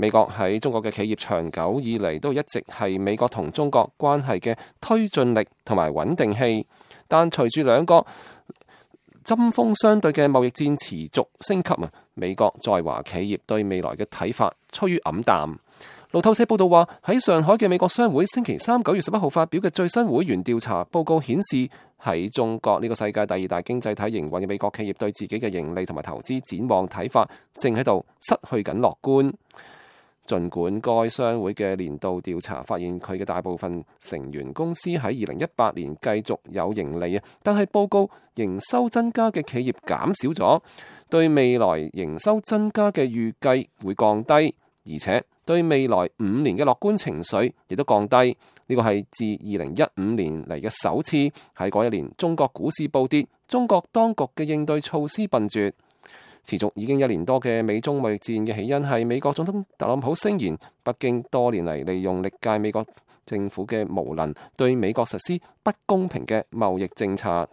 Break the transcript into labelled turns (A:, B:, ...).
A: 美國喺中國嘅企業長久以嚟都一直係美國同中國關係嘅推進力同埋穩定器，但隨住兩個針鋒相對嘅貿易戰持續升級啊，美國在華企業對未來嘅睇法趨於黯淡。路透社報道話，喺上海嘅美國商會星期三九月十一號發表嘅最新會員調查報告顯示，喺中國呢個世界第二大經濟體營運嘅美國企業對自己嘅盈利同埋投資展望睇法，正喺度失去緊樂觀。儘管該商會嘅年度調查發現佢嘅大部分成員公司喺二零一八年繼續有盈利啊，但係報告營收增加嘅企業減少咗，對未來營收增加嘅預計會降低，而且對未來五年嘅樂觀情緒亦都降低。呢個係自二零一五年嚟嘅首次，喺嗰一年中國股市暴跌，中國當局嘅應對措施笨拙。持續已經一年多嘅美中貿易戰嘅起因係美國總統特朗普聲言，北京多年嚟利用歷屆美國政府嘅無能，對美國實施不公平嘅貿易政策。